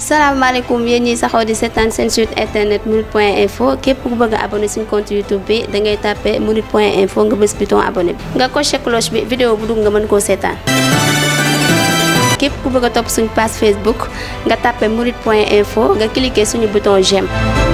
salaamaaleykum yéen ñiy saxoo di seetaan seen site internet mourides point info képp ku bëgg a abonné suñu compte YouTube bi da ngay tàppee mourides point info nga bës bouton abonné bi nga coché cloche bi vidéo bu dugg nga mën koo seetaan. képp ku bëgg a topp suñu page Facebook nga tàppee mourides point info nga cliqué suñu bouton j'aime.